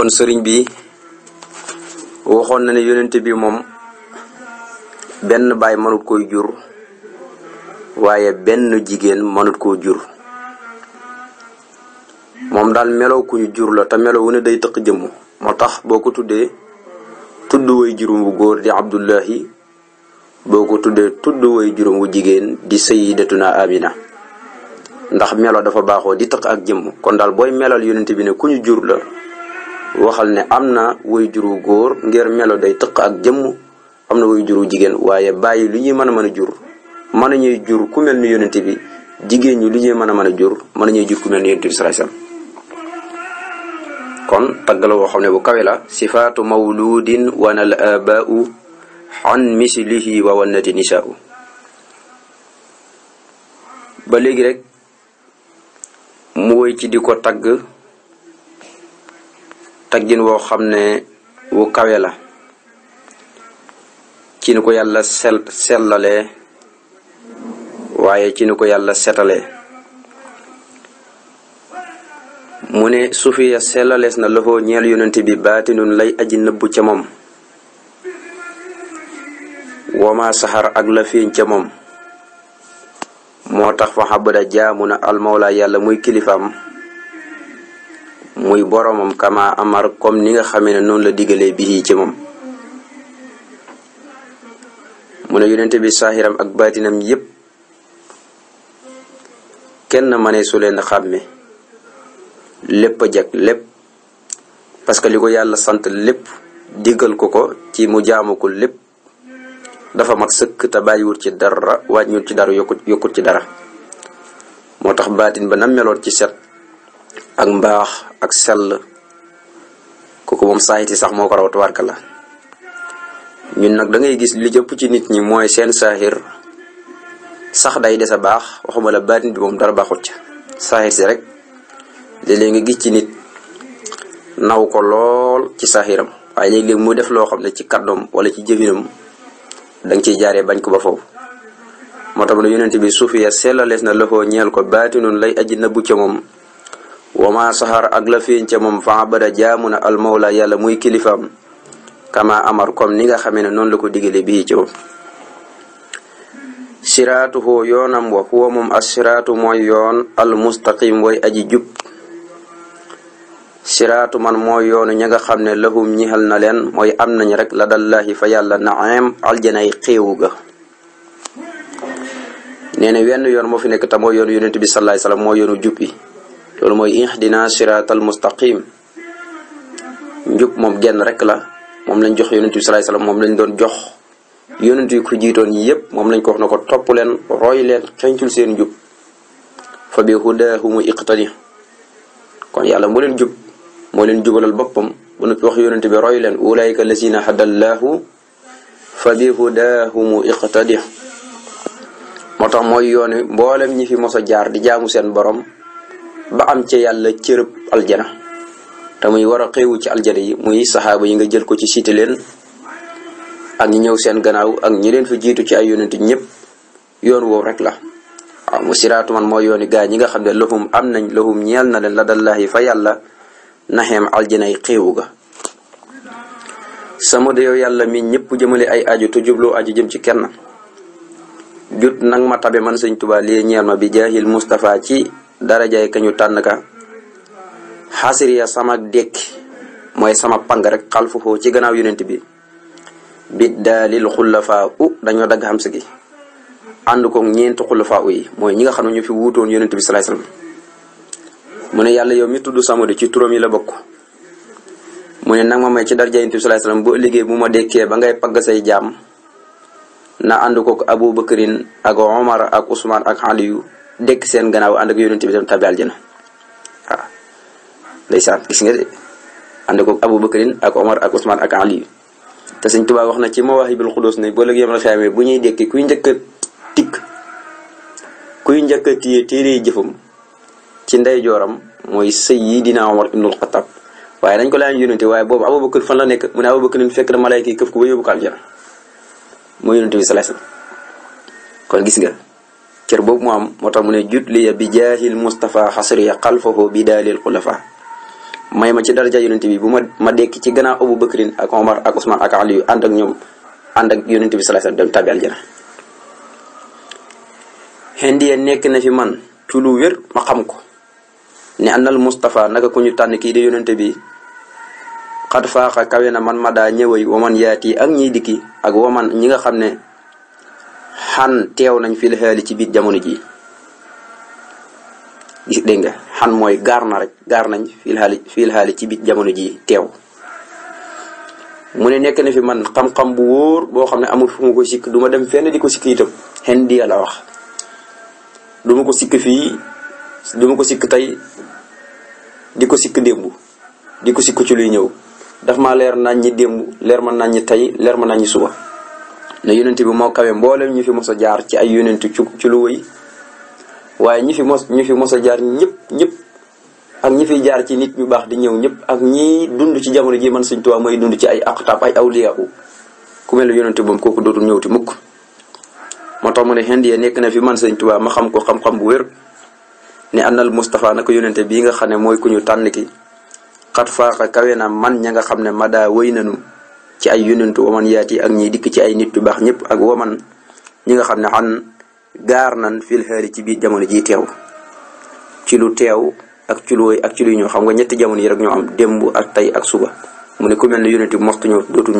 kon sëriñ bi waxoon na ne yonent bi moom benn baay mënut koy jur waaye benn jigéen mënut koo jur moom daal melow ku ñu jur la te melow wu day tëq jëmm moo tax boo ko tuddee tudd way juróom wu góor di Abdullahi boo ko tuddee tudd way juróom wu jigéen di na Amina ndax melo dafa baaxoo di tëq ak jëm kon daal booy melal yonent bi ne ku ñu jur la waxal ne am na way juru góor ngir melo day tëq ak jëm am na way juru jigéen waaye bàyyi lu ñuy mën a mën a jur mën nañuy jur ku mel ni jigéen ñi lu ñuy mën a mën a jur mën nañuy jur ku mel ni yonent bi sallallahu alayhi kon tagg la woo xam ne bu kawe la sifaatu mawludin wanal abaau an mislihi wa wannati nisaau ba léegi rek mu woy ci di ko tagg taggin woo xam ne wu kawe la ci ni ko yàlla sel waaye ci ko yàlla setalee mu ne sufiya sellalees na loxo ñeel yonent bi baatinun lay aji nëbbu ca moom wama saxar ak la fiiñ ca moom moo tax fa xabada jaamu na almawla yàlla muy kilifaam muy boromam kama amar comme ni nga xamee ne noonu la digalee bii ci moom mu ne yonente bi ak baatinam yépp kenn mane su leen xàmme lépp a jag lépp parce que li ko yàlla sant lépp diggal ko ko ci mu jaamu ko lépp dafa mat sëkk te bàyyiwut ci dara wàññiwut ci dara yokkut yokkut ci dara moo tax baatin ba nam meloon ci set ak mbaax ak sell kooku moom saahiti sax moo ko raw tubaarka la ñun nag da ngay gis li jëpp ci nit ñi mooy seen saahir sax day des a baax waxuma la baatin bi moom dara baaxut ca saahir si rek léeg-léeg nga gis ci nit naw ko lool ci saahiram waaye léeg-léeg mu def loo xam ne ci kàddoom wala ci jëfinam dang nga ciy jaaree bañ ko ba foofu moo tax ne yonent bi suufiya seelalees na loxoo ñeel ko baatinun lay aji nëbbu ca moom wama saxar ak la feeñ ca moom fa abada jaamu na almawla yàlla muy kilifaam kama amar kom ni nga xamee ne noonu la ko digale bii ci moom siraatuhu yoonam wa huwa moom assiraatu mooy yoon almustaqim way aji jub siraatu man mooy yoon ña nga xam ne lahum ñihal na leen mooy am nañ rek la dallahi fa yàlla naem aljanay xéewu ga nee na wenn yoon moo fi nekk te mooy yoonu yonent bi salaay salaam mooy yoonu jub loolu mooy ihdina siraatal mustaqim njub moom genn rek la moom lañ jox yonent bi salaay moom lañ doon jox yonent yi ko jiitoon yëpp moom lañ ko wax na ko topp leen roy leen xencul seen njub fa bi hudahumu iqtadi kon yàlla moo leen jub moo leen jubalal boppam bu noppi wax yonent bi roy leen ulaayka lasina hadallahu fa bi hudahumu iqtadi moo tax mooy yoon wi mboolem ñi fi mos a jaar di jaamu seen boroom ba am ca yàlla cërëb aljana te muy war a xéewu ci aljana yi muy saxaaba yi nga jël ko ci cité leen ak ñi ñëw seen ganaaw ak ñi leen fi jiitu ci ay yonent ñëpp yoon woowu rek la waaw mu siraatu man mooy yooni gaa ñi nga xam ne lahum am nañ lahum ñeel na leen la dallahi fa yàlla naxeem yi xéewu ga sama de yàlla mi ñëpp jëmale ay aju te jubloo aju jëm ci kenn jut nag ma tabe man sëñ Tuubaa lii ñeel ma bi jaahil Mustafa ci darajay ka kañu tànn ka xasiriya sama dékki mooy sama pang rek xalfuhu ci gannaaw yonent bi bit daalil xullafaa u dañoo dagg xam si gi ànd ko ñeenti xullafaa fa yi mooy ñi nga xam ne ñu fi wuutoon yonent bi salaay salaam mu ne yàlla yow mi tudd samadu ci turam yi la bokk mu ne nag ma may ci darajay yonent bi salaay salaam bu liggéey bu ma dékkee ba ngay pagg say jaam na ànd kook Abu Bakrin ak Omar ak Ousmane dekk seen ganaaw ànd ak yonent bi tam tàbbi aljana waaw ndeysaan gis nga de ànd Abu Bakrin ak Omar ak Ousmane ak Ali te sëñ Tuubaa wax na ci Mawaahibul Quddus ne boo léegi yemal xeamee bu ñuy dekki kuy njëkk a tikk kuy njëkk a téye téere jëfam ci ndey jooram mooy Sayyidina Omar ibnul waaye dañ ko laan yonente waaye boobu Abubakar fan la nekk mu ne Abubakar fekk na malaayka yi këf ko ba yóbbu ko aljana mooy yonente bi salaasal kon gis nga cër boobu moo am moo tax mu ne jutliya bi jaahil Moustapha xasriya xalfahu bi daalil xulafa may ma ci daraja yonente bi bu ma ma dekk ci gannaaw Abu Bakrin ak Omar ak Ousmane ak Aliyu ànd ak ñoom ànd ak yonente bi sallallahu alayhi wasallam dem nekk na fi man ci lu wér ma xam ko ne annal Moustapha naka kii di yonente na man ma yaati ak ñiy dikki ak waman ñi nga xam ne xan teew nañ fil xaali ci biir jamono jii gis dégg nga mooy gaar gaar nañ fil xaali ci biir jamono jii teew mu ne nekk na fi man xam-xam bu wóor boo xam ne amul fu ma ko sikk duma dem fenn di ko sikk itam xen di la wax duma ko sikk fii du ko sikk tey di ko sikk démb di ko sikk ci ñëw daf ma leer nañ ñi démb leer ma nañ ñi tey leer ma nañ suba ne yonent bi moo kawe mboolem ñi fi mos a jaar ci ay yonent ci ci lu wëy waaye ñi fi mos ñi fi mos a jaar ñëpp ñëpp ak ñi fiy jaar ci nit ñu baax di ñëw ñëpp ak ñi dund ci jamono ji man Sëñ Tuubaa mooy dund ci ay aqtaab ay awliya ku mel ne yonent boobu kooku dootul ñëwti mukk moo tax mu ne xend yee nekk na fi man Sëñ Tuubaa ma xam ko xam-xam bu wér ne annal Moustapha naka yonente bii nga xam ne mooy ku ñu tànn ki xat faaxa kawe na man ña nga xam ne mada wëy nanu ci ay yonentu waman yaati ak ñiy dikk ci ay nit yu baax ñëpp ak waman ñi nga xam ne xan gaar nan fil xaali ci biir jamono ji teew ci lu teew ak ci lu ak ci lu ñëw xam nga ñetti jamono yi rek ñoo am démb ak tey ak suba mu ne ku mel ne yonent bi moxtu ñëw dootu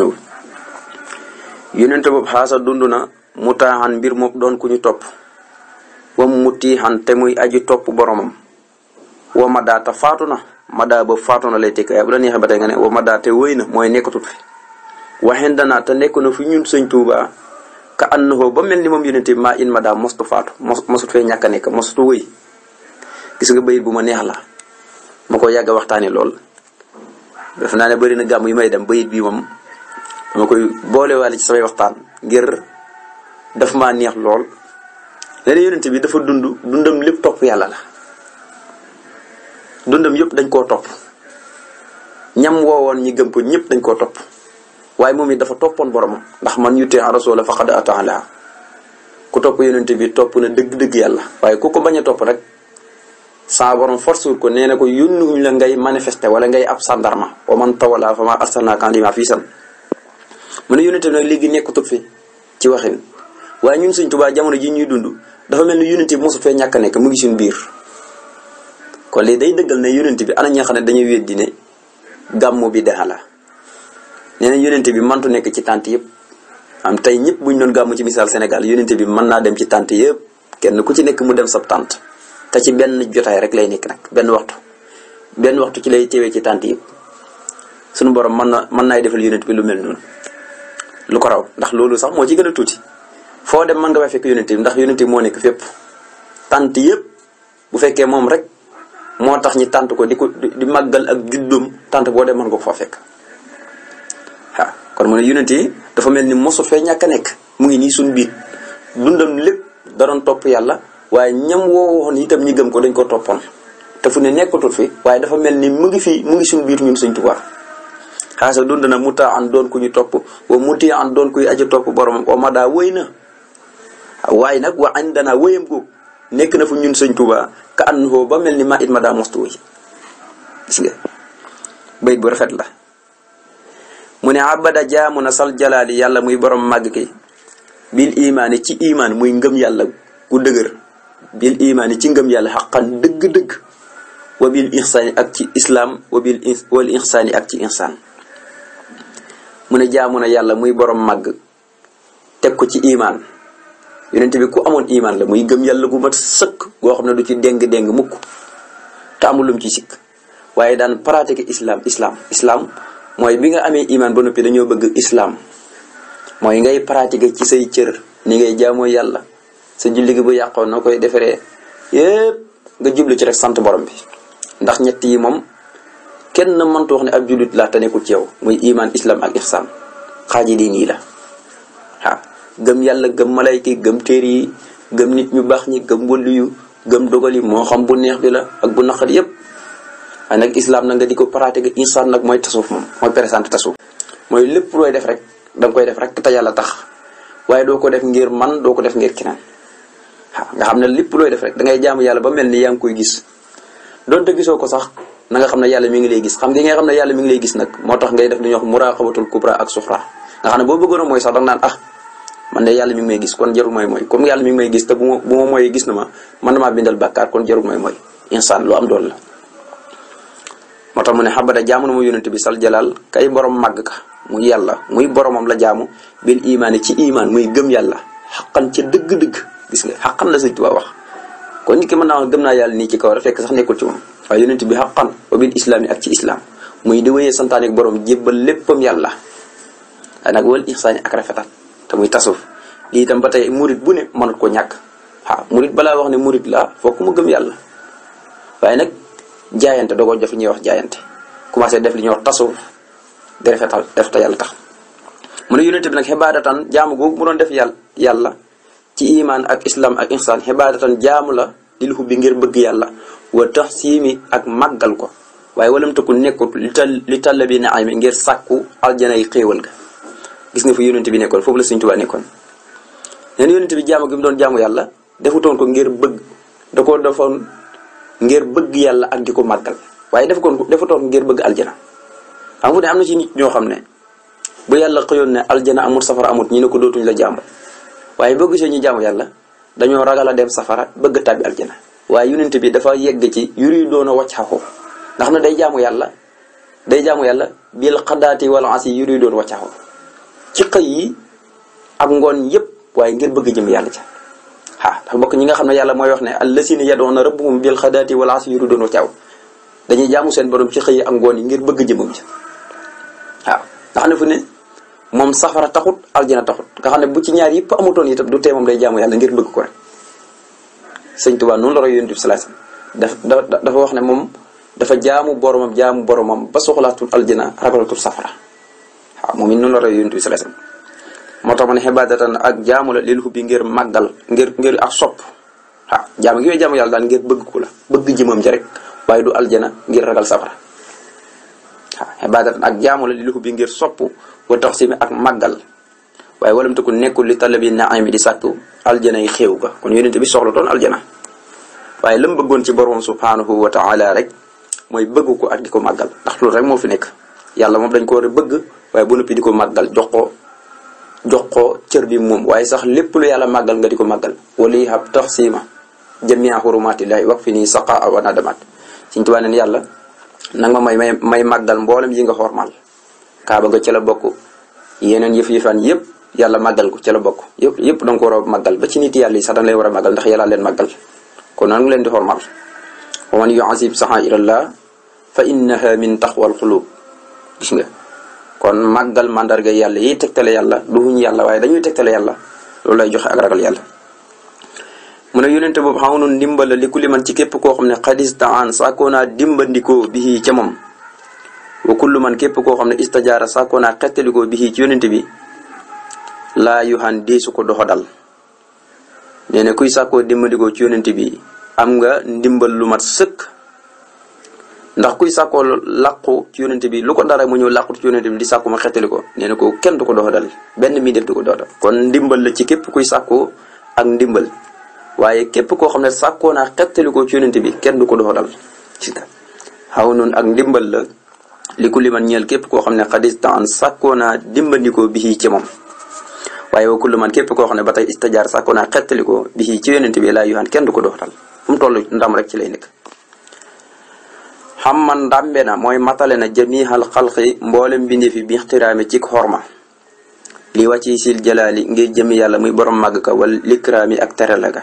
ñëw xaasa dund na mu taaxan mbir moom doon ku ñu topp wam mu xan te muy aji topp boromam wa madaa ta faatu na madaa boobu faatu na lay tekk waaye bu la neexee ba tey nga ne wa madaa te wëy na mooy nekkatul fi waxeen danaa te nekk na fi ñun sëñ Touba ka annahu ba mel ni moom yonente bi maa in ma daa mostu faatu mos mosut fee ñàkk a nekk mostu wëy gis nga bayit bu ma neex la ma ko yàgg a waxtaane lool def naa ne bëri na gàmm yi may dem bayit bi moom koy boolewaale ci samay waxtaan ngir daf maa neex lool leneen yonente bi dafa dund dundam lépp topp yàlla la dundam yëpp dañ koo topp ñam woon ñi gëm ko ñëpp dañ koo topp waaye moom it dafa toppoon boromam ndax man yuti rasula faqad ata Allah ku topp yonente bi topp na dëgg-dëgg yàlla waaye ku ko bañ a topp rek saa borom force wut ko nee na ko yónnuwuñ la ngay manifester wala ngay ab sandarma wa man tawala fa ma arsalnaaka alayhim hafiizan mu ne yonente bi nag léegi nekkatut fi ci waxin waaye ñun Sëñ Tuubaa jamono ji ñuy dund dafa mel ni yonente bi mosu fee ñàkk nekk mu ngi suñ biir kon lii day dëggal ne yonente bi ana ñi nga xam ne dañuy weddi ne gàmmu bi dexa la nee nañ bi mantu nekk ci tànt yëpp am tey ñëpp buñ doon gàmmu ci misaal Sénégal yónente bi mën naa dem ci tànt yëpp kenn ku ci nekk mu dem sab tànt te ci benn jotaay rek lay nekk nag benn waxtu benn waxtu ci lay teewee ci tànt yëpp suñu borom mën na mën naay defal yónente bi lu mel noonu lu ko raw ndax loolu sax moo ci gën tuuti foo dem mën nga fay fekk yónente bi ndax yónente bi moo nekk fépp tànt yëpp bu fekkee moom rek moo tax ñi tànt ko di ko di màggal ak juddum tànt boo dem mën ko fa fekk kon mu ne yonent dafa mel ni mosu fee ñàkk nekk mu ngi nii suñ biir dundam lépp da topp yàlla waaye ñam woo woon itam ñi gëm ko dañ ko toppoon te fu ne nekkatul fi waaye dafa mel ni mu ngi fii mu ngi suñ biir ñun Sëñ Tuubaa xaasa dund na mu an doon ku ñu topp wa mu doon kuy aja topp boromam wa ma daa na waaye nag wa danaa wëyam googu nekk na fu ñun Sëñ ka ànd foofu ba mel ni ma it ma daa mostu wëy gis nga bayit bu rafet la mu ne abada jaamu na sal jalaali yàlla muy borom màgg ki bil imaani ci imaan muy ngëm yàlla ku dëgër bil imaani ci ngëm yàlla xaqan dëgg-dëgg wa bil ihsaani ak ci islaam wa bil wal ak ci insaan mu ne jaamu na yàlla muy borom màgg teg ko ci imaan yonent bi ku amoon imaan la muy gëm yàlla gu mat sëkk goo xam ne du ci déng-déng mukk te amul ci sikk waaye daan pratiquer islaam islam mooy bi nga amee imaan ba noppi dañoo bëgg islaam mooy ngay pratiquer ci say cër ni ngay jaamoo yàlla sa julli gi yàqoon noo koy defaree yépp nga jublu ci rek sant borom bi ndax ñett yi moom kenn mëntu wax ne ab jullit laa te nekkul ci yow muy imaan islam ak ihsaan xaaji di nii la waaw gëm yàlla gëm malayka yi gëm téere yi gëm nit ñu baax ñi gëm wëllu yu gëm dogal moo xam bu neex bi la ak bu naqat yépp waaye nag islam nga di ko pratiquer insaan nag mooy tasawuf moom mooy présenter tasawuf mooy lépp looy def rek da koy def rek te tax waaye doo ko def ngir man doo ko def ngir keneen waaw nga xam ne lipp looy def rek da ngay jaamu yàlla ba mel ni yaa ngi koy gis donte gisoo ko sax na nga xam ne yàlla mi ngi lay gis xam nga nga ne yàlla mi ngi lay gis nag moo tax ngay def li ñuy wax muraqabatul kubra ak suxra nga xam ne boo bëggoon a mooy sax da nga naan ah man de yàlla mi ngi may gis kon jarul mooy mooy comme yàlla mi ngi may gis te bu ma bu mooyee gis na ma man damaa bindal bàkkaar kon jarul mooy mooy insaan lu am dool la moo tax mu ne xabada jaamu na mu yonent bi sal jalal kay borom màgg ka muy yàlla muy boromam la jaamu bil imaani ci imaan muy gëm yàlla xaqan ca dëgg-dëgg gis nga xaqan la sëñ Tuubaa wax kon nit ki mën naa wax naa yàlla nii ci kaw rek fekk sax nekkul ci moom waaye yonent bi xaqan wa bil islaam ak ci islaam muy di wéyee santaane ak borom jébbal léppam yàlla waaye nag wal ixsaani ak rafetal te muy tasuf lii itam ba tey murit bu ne mënut ko ñàkk waaw murit balaa wax ne murit laa fokk mu gëm yàlla waaye nag jaayante doogoo def li ñuy wax jaayante commencé def li ñuy wax tasu di rafetal def te yàlla tax mu ne yonente bi nag xibaadatan jaamu googu mu doon def yalla yàlla ci imaan ak islam ak insaan xibaadatan jaamu la lil hubbi ngir bëgg yàlla wa tahsimi ak màggal ko waaye walam takku nekkut li tal li talla bi naami ngir sàkku aljana yi xéewal ga gis nga fu yonente bi nekkoon foofu la Sëriñ Tuubaa nekkoon neen yonente bi jaamu gi mu doon jaamu yàlla defutoon ko ngir bëgg da ko defoon ngir bëgg yàlla ak di ko màggal waaye def koon defutoon ngir bëgg aljana xam fu ne am na ci nit ñoo xam ne bu yàlla xëyoon ne aljana amut safara amut ñi ne ko dootuñ la jaamu waaye boo gisee ñu jaamu yàlla dañoo ragal a dem safara bëgg tàbbi aljana waaye yonent bi dafa yegg ci yuri doon a wàcc xaxu nga xam ne day jaamu yàlla day jaamu yàlla bil xadaati wal asi yuri doon wàcc xaxu ci xëy yi ak ngoon yépp waaye ngir bëgg jëm yàlla ci waaw ah, dafa bokk ñi nga xam ne yàlla mooy wax ne allasina yadoona rabbahum a xadaati wal asri yuriduuna caaw dañuy jaamu seen borom ci xëy ak ngoon yi ngir bëgg jëmam ci waaw ah, nga xam ne fu ne moom safara taxut aljana taxut nga xam ne bu ci ñaar yëpp amutoon itam du tee moom day jaamu yàlla ngir bëgg ko rek sëñ Tuubaa noonu la roy yonent bi sallallahu alayhi dafa wax ne moom dafa jaamu boromam jaamu boromam ba soxlaatul aljana ragalatul safara waaw ah, moom it noonu la roy yonent bi sallallahu alayhi wasallam moo tax ma ne xibaadatan ak jaamu la lil hubbi ngir màggal ngir ngir ak sopp waaw jaamu gi yàlla daal ngir bëgg ko la bëgg jëmam ja rek waaye du aljana ngir ragal safara waaw xibaadatan ak jaamu la lil ngir sopp wa taxsimi ak màggal waaye walam takun nekkul li talabi naami di sàkku aljana yi xew ga kon yonent bi soxla toon aljana waaye lam bëggoon ci borom subhanahu wa taala rek mooy bëgg ko ak di ko màggal ndax loolu rek moo fi nekk yàlla moom dañ ko war a bëgg waaye bu noppi di ko màggal jox ko jox ko cër bi moom waaye sax lépp lu yàlla màggal nga di ko màggal wali hab taxsima jamia xurumaatillahi wak fi nii saqa aw nadamaat Sëñ Tuubaa neen yàlla nag ma may may may màggal mboolem yi nga xormal kaaba nga ca la bokk yeneen yëf yëfaan yëpp yàlla màggal ko ca la bokk yëpp yëpp da ko war a ba ci nit yàlla yi sax da nga lay war a màggal ndax yàlla leen màggal kon noonu nga leen di xormal wa man yuazib saxaa'irallah fa innaha min taqwal qulub gis nga kon màggal mandarga yàlla yi tegtale yàlla duñu yàlla waaye dañuy tegtale yàlla loolu lay joxe ak ragal yàlla mu ne yonente boobu xaw noonu ndimbal la li ku liman ci képp koo xam ne xadis taan sàkkoo naa dimbandikoo bi ca moom wa kullu man képp koo xam ne istajaara sàkkoo naa xettalikoo bi ci yonente bi laa yuhan deesu ko doxa dal nee na kuy sàkkoo dimbandikoo ci yonente bi am nga ndimbal lu mat sëkk ndax kuy sàkkoo làqu ci yonente bi lu ko dara mu ñëw làqu ci yonente bi di sàkku ma xettali ko nee na ko kenn du ko dox dal benn mii def du ko dox dal kon ndimbal la ci képp kuy sàkku ak ndimbal waaye képp koo xam ne sàkkoo naa xettali ko ci bi kenn du ko dox dal ci xaw noonu ak ndimbal la li ku liman képp koo xam ne xadista an sàkkoo naa dimbandikoo bi ci moom waaye wa kullu man képp koo xam ne ba tey istijaar sàkkoo naa xettali ko bi ci yonente bi laa yohan kenn du ko dox dal fu mu toll ndam rek ci lay nekk xamman ndàmbe na mooy matalee na jamihal xalqi mboolem bindee fi bi ixtiraami cik xorma li wàcci sil jalaali ngir yàlla muy borom màgg ka wala likraami ak terala ga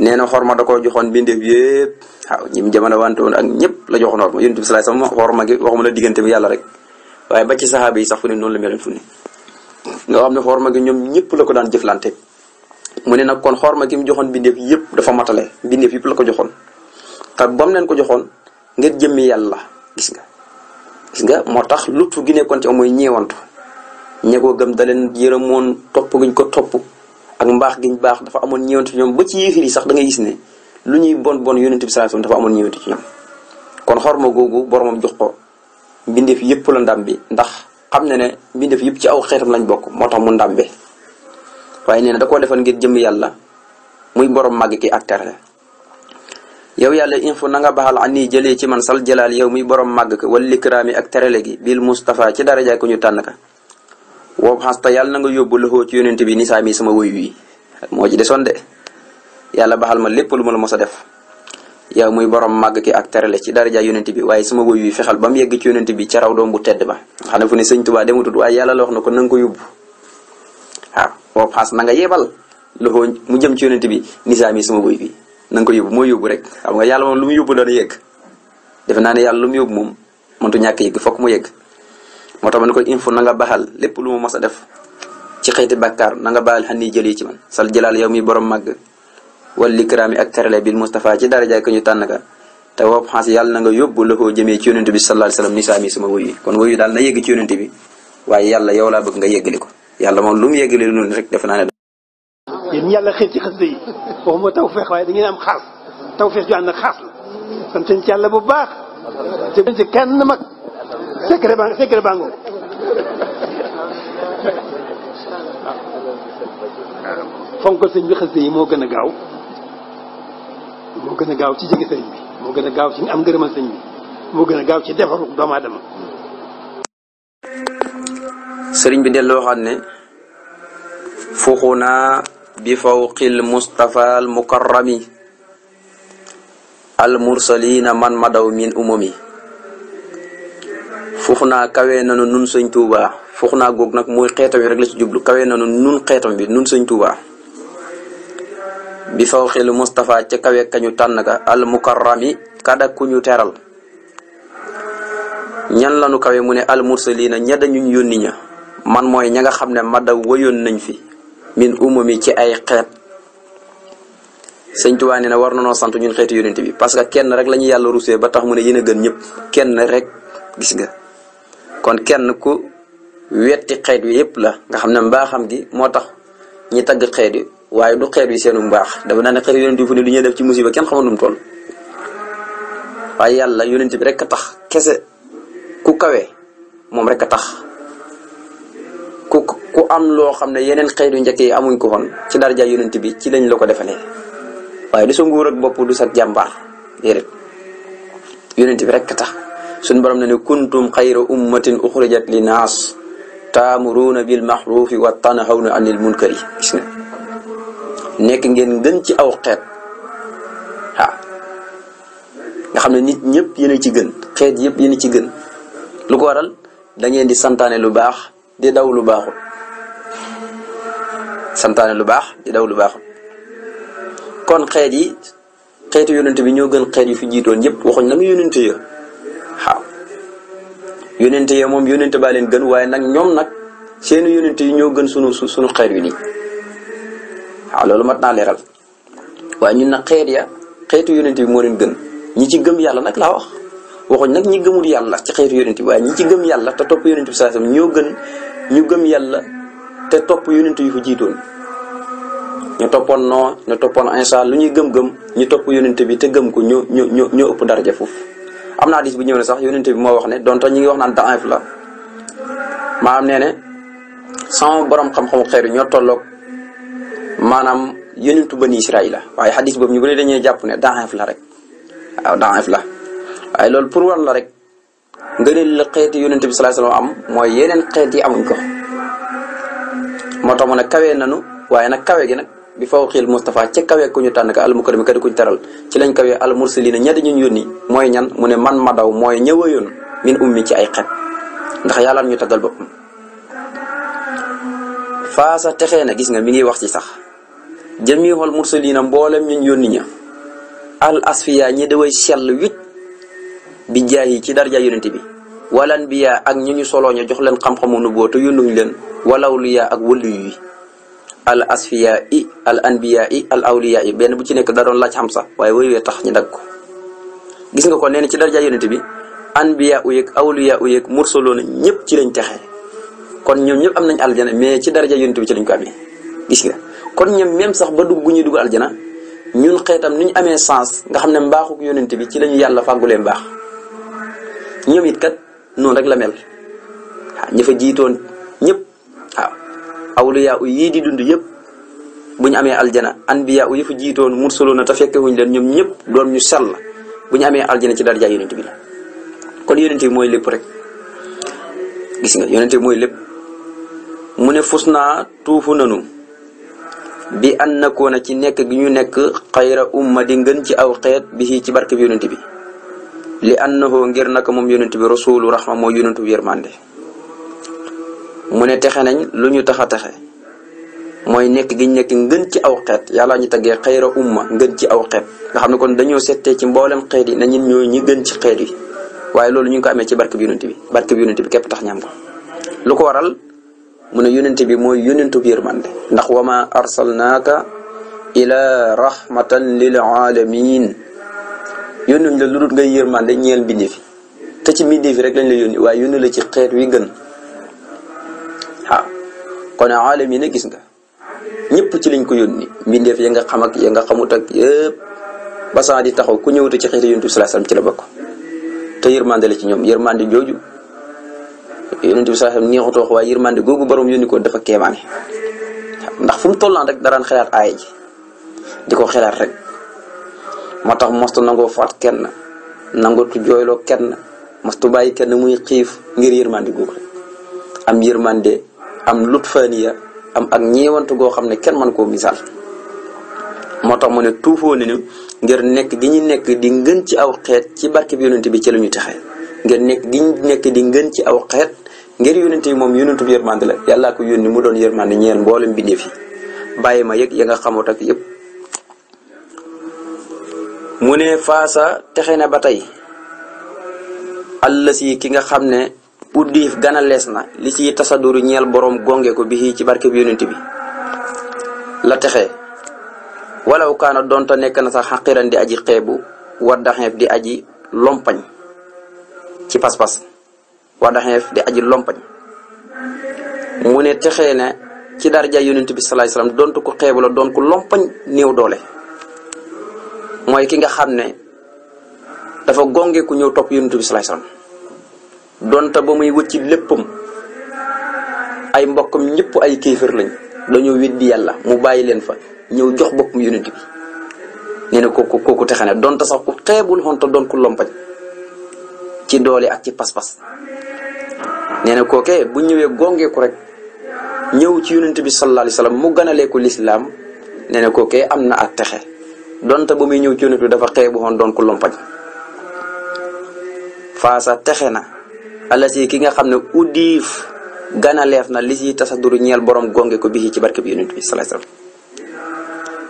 nee na xorma da koo joxoon bindeef yëpp waaw mu jamono wante woon ak ñëpp la joxoon xorma yonent bi salaay sama xorma gi la diggante bi yàlla rek waaye ba ci saxaaba yi sax fu ne fu ne nga xam ne xorma ñëpp la ko daan jëflante mu ne nag kon xorma gi mu joxoon bindeef yëpp dafa matale bindeef yëpp la ko joxoon te bam leen ko joxoon ngir jëmmi yàlla gis nga gis nga moo tax lutfu gi nekkoon ci am mooy ñeewantu ñe ko gëm da leen yërëmoon topp giñ ko topp ak mbaax giñ baax dafa amoon ñeewantu ci ñoom ba ci yéefir yi sax da ngay gis ne lu ñuy bon bon yonent bi dafa amoon ñeewantu ci ñoom kon xorma googu boromam jox ko mbindeef yëpp la ndam bi ndax xam na ne mbindeef yëpp ci aw xeetam lañ bokk moo tax mu ndàmbe waaye nee na da koo defoon ngir jëmm yàlla muy borom màgg ki ak yow yàlla infu na nga baxal an nii jëlee ci man sal jalaal yow muy borom màgg ka wala likraami ak terele gi bil Moustapha ci daraja ko ñu tànn ka wow ta yàlla na nga yóbbu loxoo ci yonent bi nisaa mi sama wuyu moo ci desoon de yàlla baxal ma lépp lu ma la mos a def yow muy borom màgg ki ak terele ci daraja yonent bi waaye sama wuyu wi fexal ba mu yegg ci bi ca raw bu tedd ba xam ne fu ne sëñ Tuubaa dematut waaye yàlla la na ko na ko yóbbu waaw wow xas na nga yebal loxoo mu jëm ci yonent bi nisaa mi sama wuyu bi na nga ko yóbbu moo yóbbu rek xam nga yàlla moom lu mu yóbbu doon yegg defe naa ne yàlla lu mu yóbbu moom mëntu ñàkk yegg fokk mu yegg moo tax ma ne ko info na nga baxal lépp lu mu mos a def ci xeeti bàkkaar na nga baxal xan jëlee ci man sal jëlaal yow mi borom màgg wal likraami ak karale bil Moustapha ci darajaay ko ñu tànn ka te woo xaas yàlla na nga yóbbu la koo jëmee ci yonent bi sallallahu alayhi wasallam ni saa mi sama wuyu kon wuyu daal na yegg ci yonent bi waaye yàlla yow laa bëgg nga yeggali ko moom lu mu rek defe naa ne yéen yàlla xëy ci xasida yi waxuma tawfeex waaye da am xaas tawfeex ju ànd ak xaas la ci yàlla bu baax. te buñ ci kenn mag sëñ bi xasida yi moo gën a gaaw moo gën a gaaw ci jege sëñ bi moo gën a gaaw ci am ngërëmal sëñ bi moo gën a gaaw ci defaru doomu aadama. sëriñ bi delloo waxaat ne fuuxu naa bi fawqil mustafa al mukarrami al mursalina man madaw min umami fux naa kawee nanu nun sëñ tuubaa fux naa góog nag mooy xeetam bi rek la ci jublu kawe nanu nun xeetam bi nun sëñ tuubaa bi fawqil mustafa ca kawe kañu tànn ka al mukarrami kada ku ñu teral ñan lanu kawe mu ne al mursalina ña dañuñ yónni ña man mooy ña nga xam ne madaw wayoon nañ fi min mi ci ay xeet sëñ Tuubaa nee na war na noo sant ñun xeetu yonent bi parce que kenn rek lañu ñu yàlla rusee ba tax mu ne yéen a gën ñëpp kenn rek gis nga kon kenn ku wetti xeet wi yëpp la nga xam ne mbaaxam gi moo tax ñi tagg xeet yi waaye du xeet wi seenu mbaax dafa naa ne xeet yonent bi fu ne lu ñuy def ci musiba kenn xamul nu mu toll yàlla yonent bi rek a tax kese ku kawe moom rek a tax ku am loo xam ne yeneen xeetu njëkk yi amuñ ko woon ci daraja yonent bi ci lañ la ko defalee waaye du sa nguur ak bopp du sa jàmbaar déedéet yonent bi rekk tax suñ borom na ne kuntum xayra ummatin uxrijat li naas taamuruuna bil maxruufi wa tanhawna anil munkari gis nga nekk ngeen gën ci aw xeet waaw nga xam ne nit ñëpp yéen ci gën xeet yëpp yéen a ci gën lu ko waral da di santaane lu baax di daw lu baaxul santaane lu baax di daw lu baaxul kon xeet yi xeetu yonent bi ñoo gën xeet yu fi jiitoon yëpp waxuñ nag yonent ya waaw moom yonent baa leen waaye nag ñoom nag seen yonent yi ñoo gën sunu sunu xeet wi nii waaw mat naa leeral waaye ñun nag xeet ya xeetu yonent bi moo leen gën ñi ci gëm yàlla nag laa wax waxuñ nag ñi gëmul yàlla ci xeetu yonent bi waaye ñi ci gëm yàlla te topp yonent bi saa sam ñoo gën ñu gëm yàlla te topp yonent yi fa jiitoon ñu toppoon noo ñu toppoon insa lu ñuy gëm-gëm ñu topp yonent bi te gëm ko ñu ñoo ñoo ñoo ëpp daraja foofu am na hadis bu ñëw ne sax yonent bi moo wax ne dont ñi ngi wax naan daif la maa am ne sama borom xam-xamu xeer yi ñoo tolloog maanaam yonentu bani Israayil la waaye hadis boobu ñu bëri dañuy jàpp ne daif la rek waaw daif la waaye loolu pour war la rek ngëneel la xeeti yonent bi sallallahu alayhi am mooy yeneen xeet yi amuñ ko moo tax mu ne kawee nanu waaye nag kawe gi nag bi faw xiil Moustapha ci kawee ku ñu tànn ka al mukarrami ka di kuñ teral ci lañ kawee al mursalina ñetti ñun yónni mooy ñan mu ne man ma daw mooy ñëwa yoon min mi ci ay xet ndax yàlla ñu tàggal boppam faasa texee na gis nga mi ngi wax ci sax jamiihul mursalina mboolem ñun yónni ña al asfiya ñi daway sell wicc bi jaay yi ci daraja yonente bi walan bi yaa ak ñu ñu soloo ña jox leen xam-xamu nubuwa te yónnuñu leen walaw lu ak wëllu yi al asfiya i al anbiya i al awliya i benn bu ci nekk da doon laaj xam sax waaye wëriwee tax ñu dagg ko gis nga ko nee ci darja yonente bi anbiya u yeeg awliya u yeeg mursaloona ñëpp ci lañ texe kon ñoom ñëpp am nañ aljana mais ci darja yonente bi ci lañ ko gis nga kon ñoom même sax ba dugg ñuy dugg aljana ñun xeetam nu ñu amee sens nga xam ne mbaaxuk yonente bi ci lañu yàlla leen mbaax ñoom it kat noonu rek la mel waaw ña fa jiitoon ñëpp waaw awliyaa u yii di dund yëpp bu ñu amee aljana anbiyaa u yi fa jiitoon mursaloona te fekke wuñ leen ñoom ñëpp doon ñu sell bu ñu amee aljana ci daraja yonent bi la kon yonent bi mooy lépp rek nga yonent bi mooy mu ne fus naa tuufu nanu bi an nakoona ci nekk gi ñu nekk xayra umma di ngën ci aw xeet bi ci barke bi yonent bi na annahu ngir naka moom yonent bi rasulu rahma mooy yonentu bi yërmande mu ne texe nañ lu ñu tax a texe mooy nekk giñ nekk ngën ci aw xeet yàlla ñu taggee xayra umma ngën ci aw xeet nga xam ne kon dañoo settee ci mboolem xeet yi na ñun ñoo ñi ci xeet yi loolu ñu ngi amee ci barke bi yonent bi barke bi bi képp tax ñam ko lu ko waral mu ne yonent bi mooy yonentu bi yërmande ndax wama arsalnaaka ila rahmatan lil alamin yónnuñ la lu dul ngay yërmande ñeel mbindeef yi ci mbindeef rek lañ la yónni waaye yónni la ci xeet wi gën waaw kon aalam yi gis nga ñëpp ci lañ ko yónni mbindeef ya nga xam ak ya nga xamut ak yëpp ba saa di taxaw ku ñëwatu ci xeet yonent bi sallallahu alayhi ci la bokk te yërmande la ci ñoom yërmande jooju yonent bi sallallahu alayhi wasallam neexutoo wax waaye yërmande googu borom yónni ko dafa keemaane ndax fu mu tollaan rek daraan xelaat aaya ji di ko xelaat rek moo tax mosta nangoo faat kenn nangootu jooyloo kenn mostu bàyyi kenn muy xiif ngir yërmande googu am yërmande am lutfaaniya am ak ñeewantu goo xam ne kenn mën koo misaal moo tax mu ne tuufoo nañu ngir nekk gi ñu nekk di ngën ci aw xeet ci barke bi yonent bi ci la ñu texe ngir nekk gi ñu nekk di ngën ci aw xeet ngir yonent yi moom yonent bi yërmande la yàllaa ko yónni mu doon yërmande ñeel mboolem mbindeef yi bàyyi ma yëg ya nga xamoot ak yëpp mu ne faasa texe na ba tey àll si ki nga xam ne uddiif gana lees na li ciy tasaduru ñeel borom gonge bi bi ci barkeb yonent bi la texe walaw kaana donta nekk na sax xaqiran di aji xeebu waddaxeef di aji lompañ ci pas-pas waddaxeef di aji lompañ mu ne texee ne ci darja yonent bi salaay salaam dontu ko xeebu la doon ko lompañ néew doole mooy ki nga xam ne dafa gonge ñëw topp yonent bi salaay salaam donte ba muy wëcci léppam ay mbokkam ñépp ay kéefër lañ dañoo weddi yàlla mu bàyyi leen fa ñëw jox boppam yonent bi nee na kooku kooku texe na donte sax ku xeebul doon ku lompañ ci doole ak ci pas-pas nee na kookee bu ñëwee gongeeku rek ñëw ci yonent bi sallallahu alayhi wa sallam mu gënalee ko lislaam nee na kookee am na ak texe donte ba muy ñëw ci yonent bi dafa xeebu woon doon ku lompañ faasa texe na alasi ki nga xam ne uddiif ganaleef na li si tasaduru ñeel borom gongeeku bi ci barkeb yonent bi salaay salaam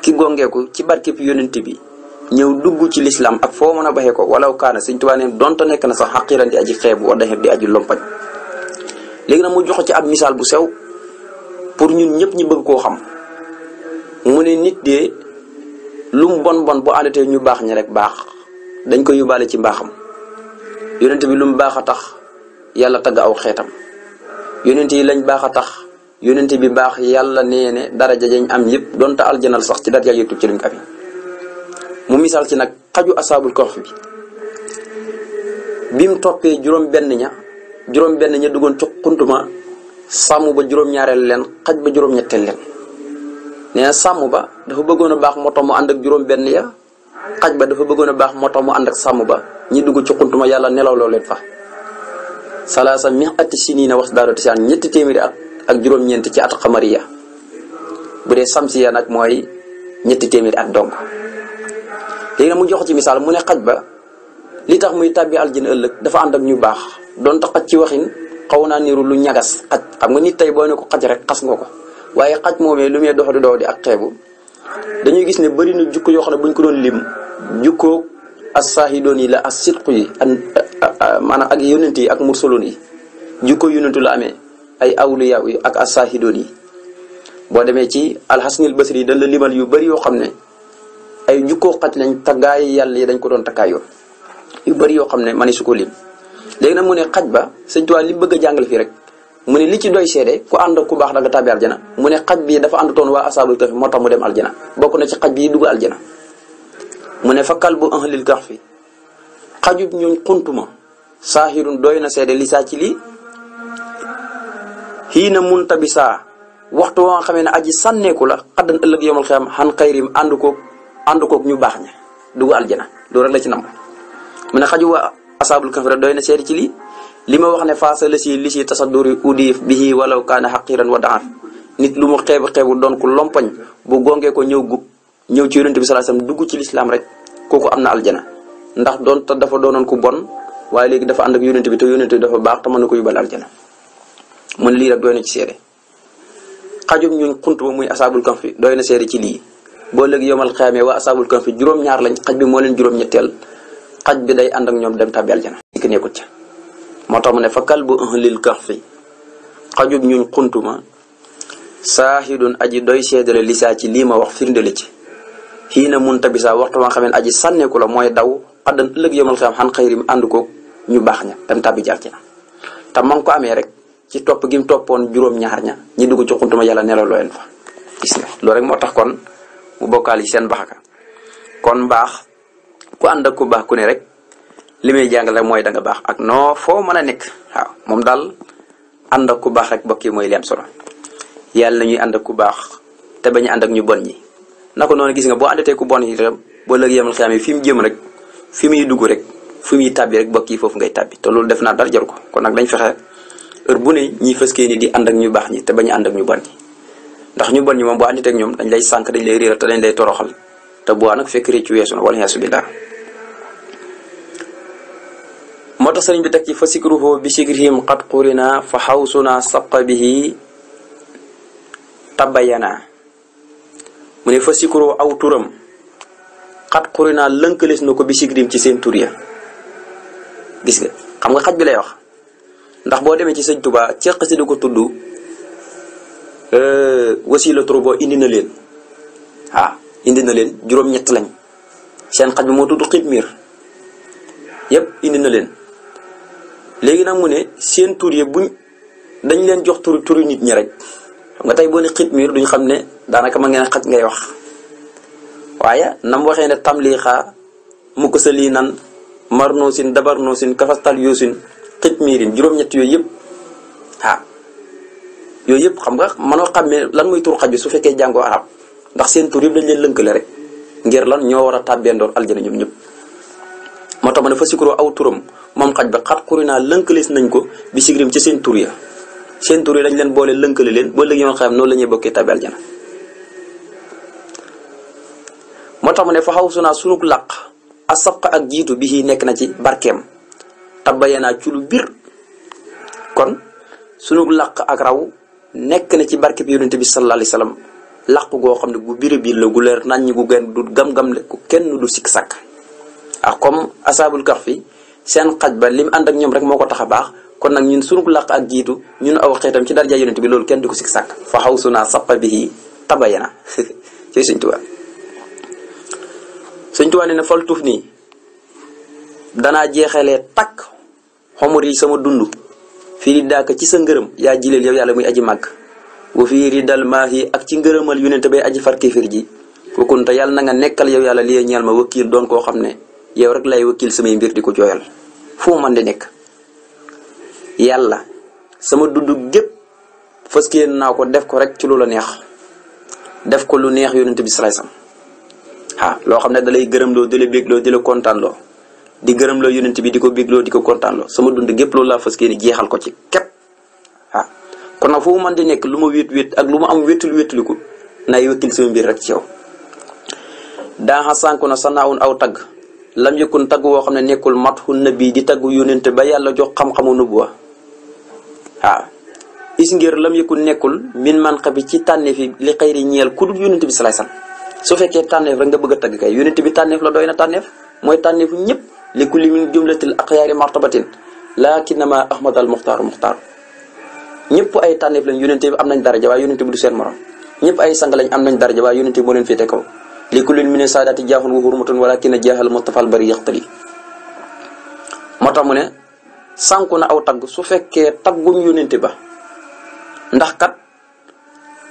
ki gongeeku ci barkeb yonent bi ñëw dugg ci lislaam ak foo mën a baxee ko walaw kaana Sëñ Tuubaa dont donte nekk na sax xaqiran di aji xeebu wala di aji lompañ léegi nag mu joxe ci ab misaal bu sew pour ñu ñëpp ñi bëgg koo xam mu ne nit de lu mu bon bon bu àndatee ñu baax ñi rekk baax dañ koy yóbbaale ci mbaaxam yonent bi lu mu baax a tax yàlla tagg aw xeetam yonent yi lañ baax a tax yonent bi baax yàlla nee dara daraja jañ am yëpp donte aljanal sax ci daraja yëpp ci lañ ko mu misaal ci nag xaju asaabul kahf bi bim toppee juróom-benn ña juróom-benn ña duggoon ci xuntuma sàmm ba juróom-ñaareel leen xaj ba juróom-ñetteel leen. nee na sàmm ba dafa bëggoon a baax moto mu ànd ak juróom-benn ya xaj ba dafa bëggoon a baax moto mu ànd ak sàmm ba ñi dugg ci xuntuma yàlla nelaw loo leen fa. salaasa mi ati si nii na wax daaro tisaan ñetti téeméeri at ak juróom ci at xamariya bu dee samsi ya nag mooy ñetti téeméeri at donc léegi nag mu jox ci misaal mu ne xaj ba li tax muy tàbbi aljina ëllëg dafa ànd ak ñu baax donte xaj ci waxin xaw naa niru lu ñagas xaj xam nga nit tey boo ne ko xaj rek xas nga ko. waaye xaj moomee lu muy dox du dox di ak xeebu dañuy gis ne bëri na jukko yoo xam ne buñ ko doon lim jukkoo assaax yi doon yi la as sidqu yi a maanaam ak yonent yi ak mursaloon yi jukko yonentu la amee ay awliya yi ak assaax yi yi boo demee ci alxasanil basri yi dañ la limal yu bëri yoo xam ne ay jukkoo xaj lañ taggaay yàlla yi dañ ko doon takkaayoo yu bari yoo xam ne mani su ko lim léegi nag mu ne xaj ba sëñ Tuubaa li bëgg a jàngale fii rek mu ne li ci doy seede ku ànd ku baax da nga tàbbi aljana mu ne xaj bii dafa ànd toon waa asaabul kahfi moo tax mu dem aljana bokk na ci xaj bii dugg aljana mu ne fa kalbu ahlil kahfi xajub ñuñ xuntuma na seede saa ci lii xii na mun tabi waxtu wa nga xamee aji sànneeku la xaddan ëllëg yomal xiyam xan ànd koog ànd koog ñu baax ña dugg aljana rek la ci nam mu ne xaju waa asaabul kahfi doy na seede ci lii li ma wax ne faasa la si li si tasaduri udiif bihi walaw kaana xaqiran wa daaf nit lu mu xeebu xeebu doon ku lompoñ bu gongee ko ñëw gub ñëw ci yonent bi sallallahu dugg ci lislaam rek kooku am na aljana ndax doon te dafa doonoon ku bon waaye léegi dafa ànd ak yonent bi te yonent bi dafa baax te mën na ko yóbbal aljana mun lii rek doy na ci seere xajum ñuñ xunt ba muy asaabul kahfi dooy na seede ci lii boo léegi yomal xeamee waa asaabul kahfi juróom-ñaar lañ xaj bi moo leen juróom-ñetteel bi day ànd ak ñoom dem tàbbi aljana ikk nekkut ca moo tax mu ne fa kalbu ahlil kahfi xajub ñuñ xuntuma saahidun aji doy seedale lisaa ci lii ma wax firndele ci xii na mun tabisaa waxtu ma xameen aji sànneeku la mooy daw xaddan ëllëg yomal xam xan xëyri mi ànd ko ñu baax ña tam tàbbi jar ci na te ma ngi ko amee rek ci topp gi toppoon juróom-ñaar ña ñi dugg ci xuntuma yalla nelaw loo leen fa gis rek moo tax kon mu bokkaal yi seen baax kon mbaax ku ànd ku baax ku ne rek li muy jàngale mooy danga baax ak noo foo mën a nekk waaw moom daal ànd ak ku baax rek mbokk yi mooy li solo yàlla na ñuy ànd ak ku baax te bañ a ànd ak ñu bon ñi. naka noonu gis nga boo àndatee ku bon yi itam boo lëg yemal xiyaam yi fi mu jëm rek fi muy dugg rek fi muy tàbbi rek mbokk yi foofu ngay tàbbi te loolu def naa dara jar ko kon nag dañ fexe heure bu ne ñiy fëskee ni di ànd ak ñu baax ñi te bañ ànd ñu bon ñi. ndax ñu bon ñi moom boo àndatee ak ñoom dañ lay sànq dañ lay réer te dañ lay toroxal te bu nag fekk rëccu weesu na wala yaasu billah moo tax bi teg ci fa sikruhu bi sikrihim qad qurina fa xawsuna saqa bihi tabayana mu ne fa sikru aw turam xat xurina lënkalees na ko bi ci seen tur ya gis nga xam nga xaj bi lay wax ndax boo demee ci sëñ Tuubaa ci xasida ko tudd euh, wasila turu boo indi na leen waaw indi na leen juróom-ñett lañ seen xaj bi moo tudd xib miir yépp indi na leen léegi nag mu ne seen tur yi buñ dañ leen jox tur yu nit ñi rek xam tey boo ne xitmiir duñ xam ne daanaka ma ngeen xaj ngay wax waaye nam waxee ne tamliixa mukkasali nan marnoosin dabarnoosin kafastal yoosin xitmiirin juróom-ñett yooyu yëpp ah yooyu yëpp xam nga xam xàmmee lan mooy tur xaj bi su fekkee jàngoo arab ndax seen tur yëpp dañ leen lënkale rek ngir lan ñoo war a tàbbeendoor aljana ñoom ñëpp moo tax ne fa sikuroo aw turam moom xaj ba xat kurina lënkalees nañ ko bi sigrim ci seen tur ya seen tur ya dañ leen boole lënkale leen ba léegi yoon xam noonu la ñuy bokkee tabi aljana moo tax mu ne fa xaw sunaa sunug làq a sabqa ak jiitu bi ci nekk na ci barkeem naa ci lu biir kon sunug làq ak raw nekk na ci barkeb yonente bi sallallahu alayhi wasallam làq goo xam ne gu bire biir la gu leer naññ gu gën du gam-gam le ku kenn du sikk sàkk ah comme asaabul kahfi seen xaj ba li mu ànd ak ñoom rek moo ko tax a baax kon nag ñun sunu làq ak jiitu ñun aw xeetam ci darja yonent bi loolu kenn du ko sik sàkk fa xaw sunaa sappa bihi tabayana ci Sëñ Tuubaa Sëñ na fal tuuf nii danaa jeexalee takk xomor yi sama dund fii di daaka ci sa ngërëm yaa jileel yow yàlla muy aji màgg wa dal ridal maahi ak ci ngërëmal yonent bay aji far kéefir ji wakunte yàlla na nga nekkal yow yàlla liy ñeel ma wakiil doon koo xam ne yow rek lay wakkil samay mbir di ko jooyal foo man mën di nekk yàlla sama dund gépp fas naa ko def ko rek ci lu la neex def ko lu neex yonent bi salaay sam waaw loo xam ne dalay gërëmloo di la bégloo di la kontaanloo di gërëmloo yonent bi di ko bégloo di ko kontaanloo sama dund gépp loolu laa fas ni jeexal ko ci képp waaw kon nag fu mu mën di nekk lu ma wét wét ak lu ma am wétul wétuliku naay wakkil sama mbir rek ci yow daaxa sànku na sa naawun aw tagg lam yëkkun tagg woo xam ne nekkul mat matxu nabi di tagg yónent ba yàlla jox xam-xamu nubuwa waaw is ngir lam yëkkun nekkul min manqa bi ci tànneef yi li xëyri ñeel ku dul yónent bi salaay salaam su fekkee tànneef rek nga bëgg a tagg kay yónent bi tànneef la doy na tànneef mooy tànneefu ñëpp li kulli min jumlatil axyaari martabatin laakinama ahmad al muxtaaru muxtaar ñëpp ay tànneef lañ yónent bi am nañ daraja waaye yónent bi du seen morom ñëpp ay sang lañ am nañ daraja waaye yónent bi moo leen féete kaw li kullin min saadaati jaaxun wa hurmatun na jaaxal mustafal bari yaxtali moo tax mu ne sànku na aw tagg su fekkee tagguñ yónnente ba ndax kat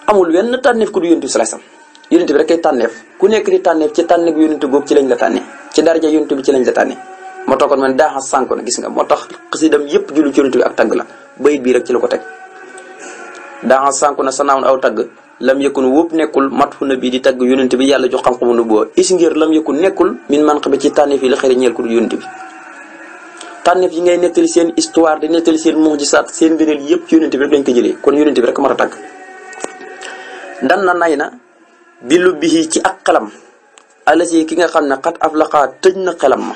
amul wenn tànneef ku du yónnente sallallahu alayhi wasallam bi rek kay tànneef ku nekk di tànneef ci tànneef yónnente googu ci lañ la tànne ci daraja yónnente bi ci lañ la tànne moo tax kon man daaxa sànku na gis nga moo tax xasidam yëpp jullu ci yónnente bi ak tàgg la bayit bii rek ci la ko teg daaxa sànku na sanaawn aw tagg lam yakun wóob nekkul matxu na bi di tagg yonent bi yàlla jox xam-xamu nu boo is ngir lam yakun nekkul min man xam ci tànneef yi la xëy ñeel ku dul yonent bi tànneef yi ngay nettali seen histoire di nettali seen mujisaat seen ngëneel yëpp yonent bi rek lañ ko jëlee kon yonent bi rek mat a tagg dan na nay na bi lu ci ak xelam alasi ki nga xam ne xat aflaxaa tëj na xelam ma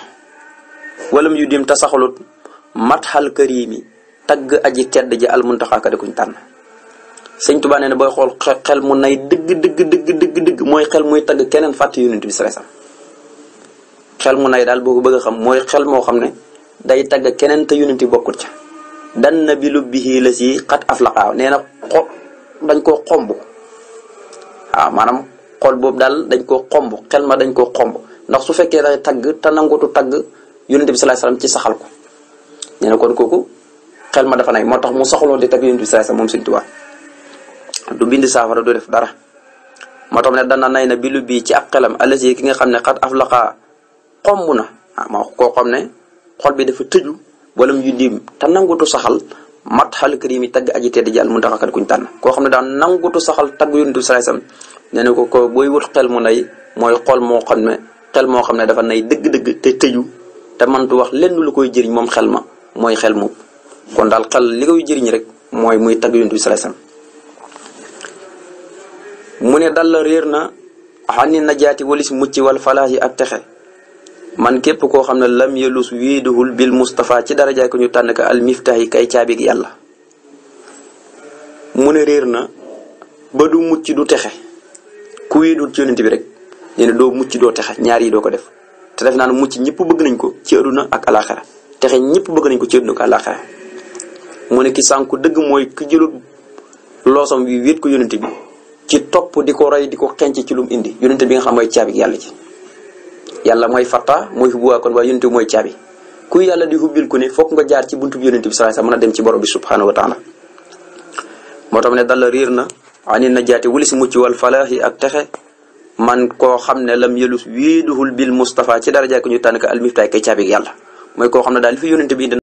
walam yu dim tasaxalut mat xal kër yi mi tagg aji tedd ji almuntaxaaka di kuñ tànn sëñ Tuubaa nee na booy xool xel mu nay dëgg dëgg dëgg dëgg dëgg mooy xel muy tagg keneen fàtte yonent bi sallallahu alayhi wasallam xel daal boo bëgg xam mooy xel moo xam ne day tagg keneen te bi bokkut ca dan na bi lu la si xat aflaqa nee na xo koo xomb waaw maanaam xol boobu daal dañ koo xomb xel ma dañ koo xomb ndax su fekkee day tagg te nangutu tagg yonent bi sallallahu alayhi ci saxal ko nee na kon kooku xel ma dafa nay moo tax mu soxloo di tagg yonent bi sallallahu alayhi moom Sëñ Tuubaa du bind saafara du def dara moo tax ne dana nay na bi lu bii ci a xelam alasi ki nga xam ne xat aflaqa xomb na ah ma koo xam ne xol bi dafa tëju wala yu ndim te nangutu saxal mat xal kërim yi tagg aji tedd jàll mu taxakat kuñ tànn koo xam ne daal nangutu saxal tagg yonent sam nee na ko ko booy wut xel mu nay mooy xol moo xam ne xel moo xam ne dafa nay dëgg-dëgg te tëju te mantu wax lenn lu koy jëriñ moom xel ma mooy xel moom kon daal xel li koy jëriñ rek mooy muy tagg yonent bi sam mu ne dal la réer na xani najaati walis mucc wal falaahi ak texe man képp koo xam ne lam yelus wiiduhul bil Moustapha ci darajaay ko ñu tànn ka al kay caabig yàlla mu ne réer na ba du mucc du texe ku wiidul ci bi rek nee na doo mucc doo texe ñaar yi doo ko def te def naa ne mucc ñëpp bëgg nañ ko ci aduna ak alaxira texe ñëpp bëgg nañ ko ci aduna ak alaxira mu ne ki sànku dëgg mooy ki jëlut loosam wi wéet ko yonent bi ci topp di ko roy di ko xenc ci lu indi yonente bi nga xam mooy caabi yàlla ci yàlla mooy fatta mooy xubbuwaa kon waaye yonente bi mooy caabi ku yàlla di hubbil ku ne foog nga jaar ci buntu bi yonente bi saa mën a dem ci borom bi subhanahu wa taala moo tax ne dala riir na ani najaati wuli si mucc wal falaaxi ak texe man koo xam ne lam yelus wii duhul bil Moustapha ci daraja ko ñu tànn ka almiftaay caabi yàlla mooy koo xam ne daal fi yonente bi indi